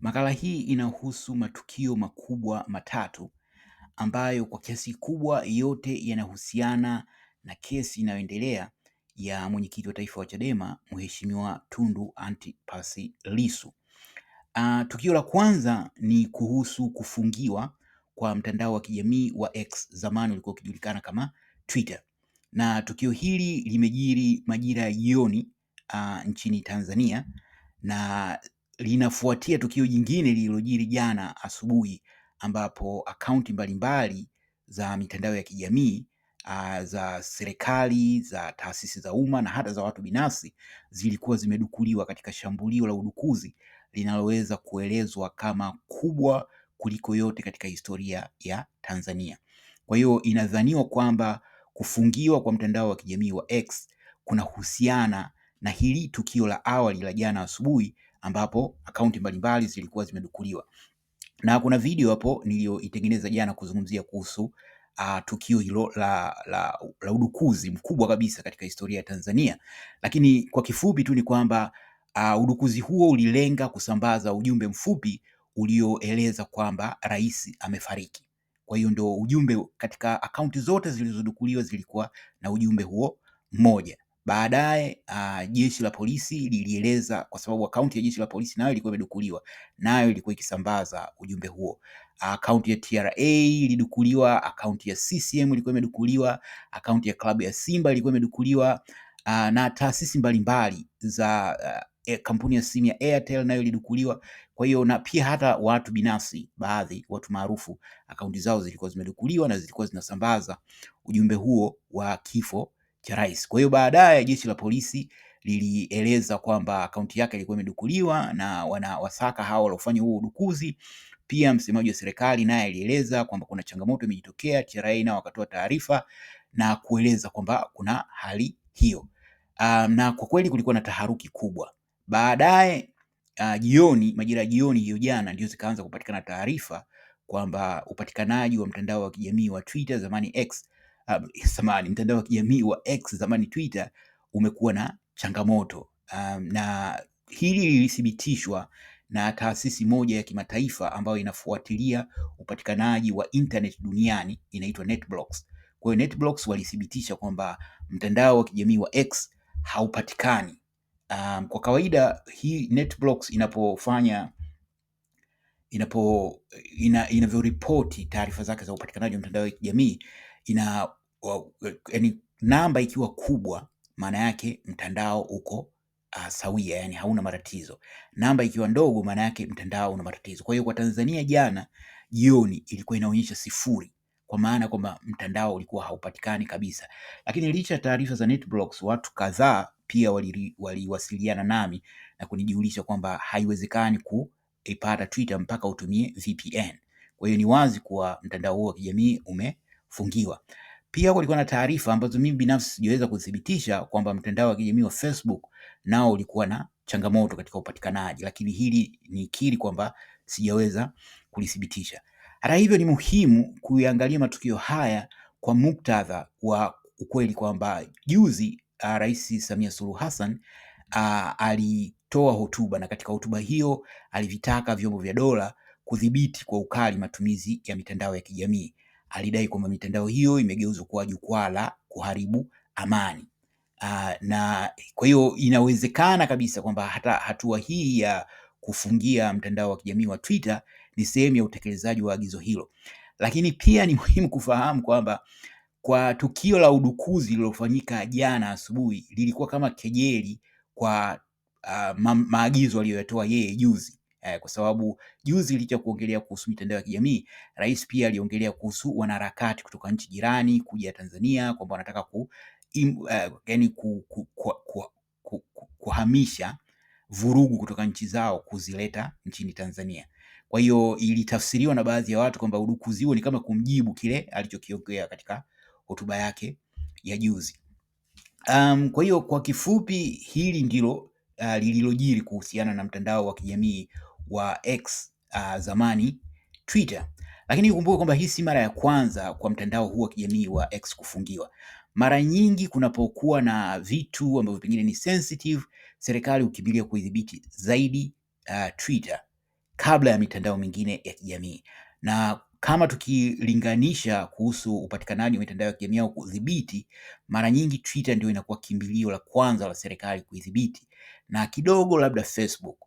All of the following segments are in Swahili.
Makala hii inahusu matukio makubwa matatu ambayo kwa kiasi kubwa yote yanahusiana na kesi inayoendelea ya mwenyekiti wa taifa wa Chadema Mheshimiwa Tundu Antipas Lissu. Uh, tukio la kwanza ni kuhusu kufungiwa kwa mtandao wa kijamii wa X, zamani ulikuwa ukijulikana kama Twitter, na tukio hili limejiri majira ya jioni uh, nchini Tanzania na linafuatia tukio jingine lililojiri jana asubuhi ambapo akaunti mbalimbali za mitandao ya kijamii uh, za serikali, za taasisi za umma na hata za watu binafsi zilikuwa zimedukuliwa katika shambulio la udukuzi linaloweza kuelezwa kama kubwa kuliko yote katika historia ya Tanzania. Kwa hiyo inadhaniwa kwamba kufungiwa kwa mtandao wa kijamii wa X kunahusiana na hili tukio la awali la jana asubuhi ambapo akaunti mbalimbali zilikuwa zimedukuliwa, na kuna video hapo niliyoitengeneza jana kuzungumzia kuhusu Uh, tukio hilo la, la, la udukuzi mkubwa kabisa katika historia ya Tanzania, lakini kwa kifupi tu ni kwamba uh, udukuzi huo ulilenga kusambaza ujumbe mfupi ulioeleza kwamba rais amefariki. Kwa hiyo ndio ujumbe katika akaunti zote zilizodukuliwa zilikuwa na ujumbe huo mmoja. Baadaye uh, jeshi la polisi lilieleza, kwa sababu akaunti ya jeshi la polisi nayo ilikuwa imedukuliwa, nayo ilikuwa ikisambaza ujumbe huo. Akaunti ya TRA ilidukuliwa, akaunti ya CCM ilikuwa imedukuliwa, akaunti ya klabu ya Simba ilikuwa imedukuliwa, uh, na taasisi mbalimbali za uh, kampuni ya simu ya Airtel nayo ilidukuliwa. Kwa hiyo na pia hata watu binafsi, baadhi watu maarufu, akaunti zao zilikuwa zimedukuliwa na zilikuwa zinasambaza ujumbe huo wa kifo cha rais. Kwa hiyo baadaye jeshi la polisi lilieleza kwamba akaunti yake ilikuwa imedukuliwa na wanawasaka hao waliofanya huo udukuzi. Pia msemaji wa serikali naye alieleza kwamba kuna changamoto imejitokea. TRA nao wakatoa taarifa na kueleza kwamba kuna hali hiyo. Um, na kwa kweli kulikuwa na taharuki kubwa. Baadaye uh, jioni, majira ya jioni hiyo jana ndio zikaanza kupatikana taarifa kwamba upatikanaji wa mtandao wa kijamii wa Twitter zamani X uh, um, samani mtandao wa kijamii wa X zamani Twitter umekuwa na changamoto um, na hili lilithibitishwa na taasisi moja ya kimataifa ambayo inafuatilia upatikanaji wa internet duniani inaitwa NetBlocks. Kwa hiyo NetBlocks walithibitisha kwamba mtandao wa kijamii wa X haupatikani. Um, kwa kawaida hii NetBlocks inapofanya inapo inavyoripoti ina taarifa zake za upatikanaji wa mtandao wa kijamii ina yani namba ikiwa kubwa maana yake mtandao uko uh, sawia, yani hauna matatizo. Namba ikiwa ndogo maana yake mtandao una matatizo. Kwa hiyo kwa Tanzania jana jioni ilikuwa inaonyesha sifuri kwa maana kwamba mtandao ulikuwa haupatikani kabisa, lakini licha ya taarifa za NetBlocks, watu kadhaa pia waliwasiliana wali nami na kunijiulisha kwamba haiwezekani kuipata Twitter mpaka utumie VPN. Kwa hiyo ni wazi kuwa mtandao huo wa kijamii umefungiwa. Pia kulikuwa na taarifa ambazo mimi binafsi sijaweza kuthibitisha kwamba mtandao wa kijamii wa Facebook nao ulikuwa na changamoto katika upatikanaji, lakini hili ni kiri kwamba sijaweza kulithibitisha. Hata hivyo, ni muhimu kuiangalia matukio haya kwa muktadha wa ukweli kwamba juzi uh, Rais Samia Suluhu Hassan uh, alitoa hotuba na katika hotuba hiyo alivitaka vyombo vya dola kudhibiti kwa ukali matumizi ya mitandao ya kijamii alidai kwamba mitandao hiyo imegeuzwa kuwa jukwaa la kuharibu amani. Uh, na kwa hiyo inawezekana kabisa kwamba hata hatua hii ya kufungia mtandao wa kijamii wa Twitter ni sehemu ya utekelezaji wa agizo hilo. Lakini pia ni muhimu kufahamu kwamba kwa tukio la udukuzi lililofanyika jana asubuhi lilikuwa kama kejeli kwa uh, ma maagizo aliyoyatoa yeye juzi eh, kwa sababu juzi licha kuongelea kuhusu mitandao ya kijamii, rais pia aliongelea kuhusu wanaharakati kutoka nchi jirani kuja Tanzania kwamba wanataka ku, eh, yani ku, ku, ku, ku, ku, ku, kuhamisha vurugu kutoka nchi zao kuzileta nchini Tanzania. Kwa hiyo ilitafsiriwa na baadhi ya watu kwamba udukuzi huo ni kama kumjibu kile alichokiongea katika hotuba yake ya juzi. Um, kwa hiyo kwa kifupi hili ndilo uh, lililojiri kuhusiana na mtandao wa kijamii wa X uh, zamani Twitter. Lakini ukumbuke kwamba hii si mara ya kwanza kwa mtandao huu wa kijamii wa X kufungiwa. Mara nyingi kunapokuwa na vitu ambavyo pengine ni sensitive, serikali hukimbilia kuidhibiti zaidi uh, Twitter kabla ya mitandao mingine ya kijamii. Na kama tukilinganisha kuhusu upatikanaji wa mitandao ya kijamii au kudhibiti, mara nyingi Twitter ndio inakuwa kimbilio la kwanza la serikali kuidhibiti, na kidogo labda Facebook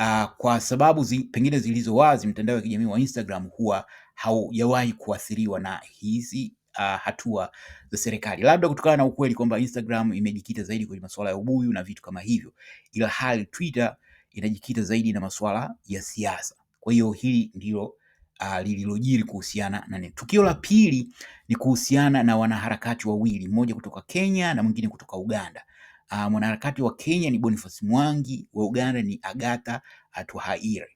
uh, kwa sababu zi, pengine zilizo wazi, mtandao wa kijamii wa Instagram huwa haujawahi kuathiriwa na hizi uh, hatua za serikali, labda kutokana na ukweli kwamba Instagram imejikita zaidi kwenye masuala ya ubuyu na vitu kama hivyo, ila hali Twitter inajikita zaidi na masuala ya siasa. Kwa hiyo hili ndilo Uh, lililojiri kuhusiana na nini. Tukio la pili ni kuhusiana na wanaharakati wawili, mmoja kutoka Kenya na mwingine kutoka Uganda. Uh, mwanaharakati wa Kenya ni Boniface Mwangi, wa Uganda ni Agatha Atuhaire.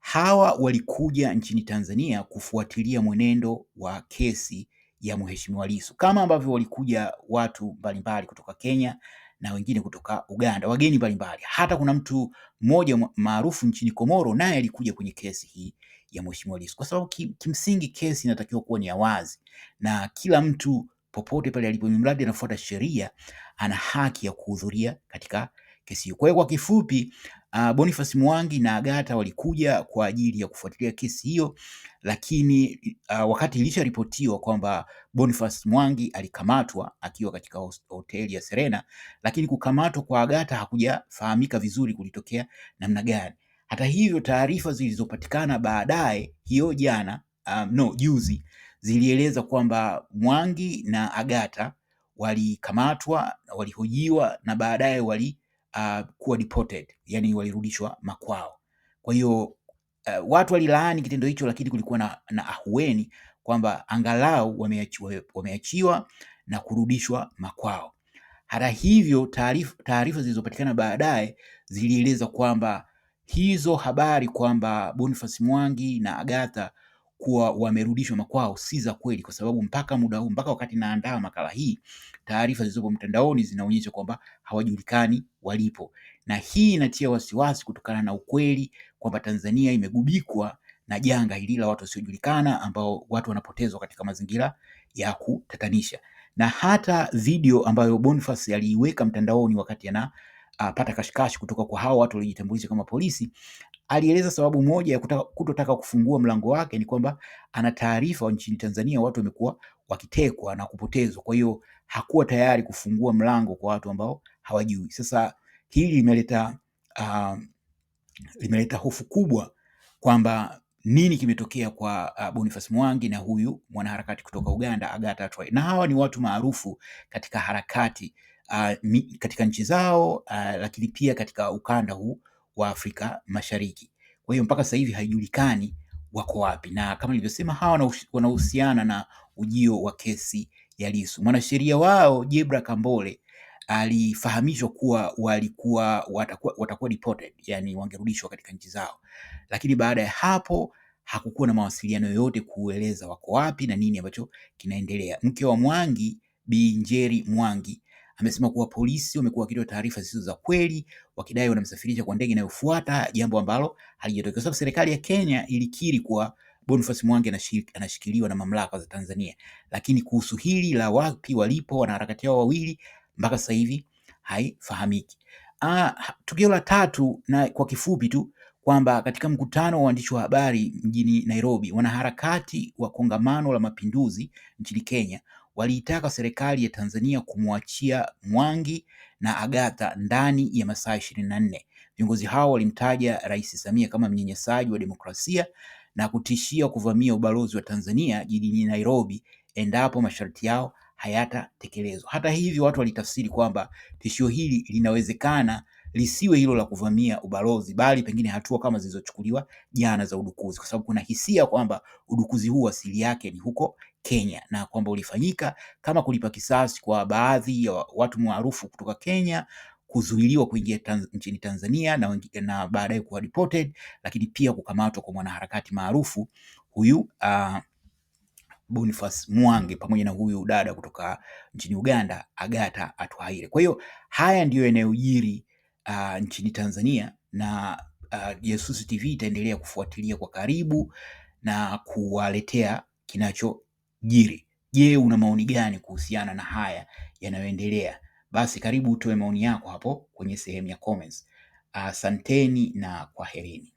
Hawa walikuja nchini Tanzania kufuatilia mwenendo wa kesi ya Mheshimiwa Lissu kama ambavyo walikuja watu mbalimbali kutoka Kenya na wengine kutoka Uganda, wageni mbalimbali. Hata kuna mtu mmoja maarufu nchini Komoro naye alikuja kwenye kesi hii ya Mheshimiwa Lissu, kwa sababu kimsingi kesi inatakiwa kuwa ni ya wazi na kila mtu popote pale alipo, mradi anafuata sheria, ana haki ya kuhudhuria katika kesi hiyo. Kwa hiyo kwa kifupi, uh, Boniface Mwangi na Agata walikuja kwa ajili ya kufuatilia kesi hiyo, lakini uh, wakati ilisharipotiwa kwamba Boniface Mwangi alikamatwa akiwa katika hoteli ya Serena, lakini kukamatwa kwa Agata hakujafahamika vizuri kulitokea namna gani. Hata hivyo, taarifa zilizopatikana baadaye hiyo jana um, no juzi zilieleza kwamba Mwangi na Agata walikamatwa, walihojiwa na baadaye wali uh, kuwa deported, yani walirudishwa makwao. Kwa hiyo uh, watu walilaani kitendo hicho, lakini kulikuwa na, na ahueni kwamba angalau wameachiwa, wameachiwa na kurudishwa makwao. Hata hivyo, taarifa zilizopatikana baadaye zilieleza kwamba hizo habari kwamba Boniface Mwangi na Agatha kuwa wamerudishwa makwao si za kweli, kwa sababu mpaka muda huu, mpaka wakati naandaa makala hii, taarifa zilizopo mtandaoni zinaonyesha kwamba hawajulikani walipo, na hii inatia wasiwasi kutokana na ukweli kwamba Tanzania imegubikwa na janga hili la watu wasiojulikana ambao watu wanapotezwa katika mazingira ya kutatanisha. Na hata video ambayo Boniface aliiweka mtandaoni wakati ana apata ah, kashikashi kutoka kwa hao watu waliojitambulisha kama polisi. Alieleza sababu moja ya kutaka, kutotaka kufungua mlango wake ni kwamba ana taarifa nchini Tanzania watu wamekuwa wakitekwa na kupotezwa, kwa hiyo hakuwa tayari kufungua mlango kwa watu ambao hawajui. Sasa hili limeleta uh, limeleta hofu kubwa kwamba nini kimetokea kwa uh, Boniface Mwangi na huyu mwanaharakati kutoka Uganda Agatha Troy, na hawa ni watu maarufu katika harakati uh, mi, katika nchi zao uh, lakini pia katika ukanda huu wa Afrika Mashariki. Kwa hiyo mpaka sasa hivi haijulikani wako wapi, na kama nilivyosema, hawa wanahusiana na ujio wa kesi ya Lissu. Mwanasheria wao Jebra Kambole alifahamishwa kuwa walikuwa watakuwa, watakuwa deported, yani wangerudishwa katika nchi zao, lakini baada ya hapo hakukuwa na mawasiliano yoyote kueleza wako wapi na nini ambacho kinaendelea. Mke wa Mwangi Bi Njeri Mwangi Amesema kuwa polisi wamekuwa wakitoa taarifa zisizo za kweli wakidai wanamsafirisha kwa ndege inayofuata, jambo ambalo halijatokea, sababu serikali ya Kenya ilikiri kuwa Boniface Mwangi anashikiliwa na mamlaka za Tanzania, lakini kuhusu hili la wapi walipo wanaharakati hao wawili mpaka sasa hivi haifahamiki. Ah, tukio la tatu na kwa kifupi tu kwamba katika mkutano wa waandishi wa habari mjini Nairobi, wanaharakati wa kongamano la mapinduzi nchini Kenya waliitaka serikali ya Tanzania kumwachia Mwangi na Agatha ndani ya masaa ishirini na nne. Viongozi hao walimtaja Rais Samia kama mnyenyesaji wa demokrasia na kutishia kuvamia ubalozi wa Tanzania jijini Nairobi endapo masharti yao hayatatekelezwa. Hata hivyo, watu walitafsiri kwamba tishio hili linawezekana lisiwe hilo la kuvamia ubalozi, bali pengine hatua kama zilizochukuliwa jana za udukuzi, kwa sababu kuna hisia kwamba udukuzi huu asili yake ni huko Kenya na kwamba ulifanyika kama kulipa kisasi kwa baadhi ya watu maarufu kutoka Kenya kuzuiliwa kuingia tanz, nchini Tanzania na, na baadaye kuwa deported, lakini pia kukamatwa kwa mwanaharakati maarufu huyu uh, Boniface Mwangi pamoja na huyu dada kutoka nchini Uganda Agata Atuhaire. Kwa hiyo haya ndiyo yanayojiri uh, nchini Tanzania na uh, Jasusi TV itaendelea kufuatilia kwa karibu na kuwaletea kinacho jiri. Je, una maoni gani kuhusiana na haya yanayoendelea? Basi karibu utoe maoni yako hapo kwenye sehemu ya comments. Asanteni na kwaherini.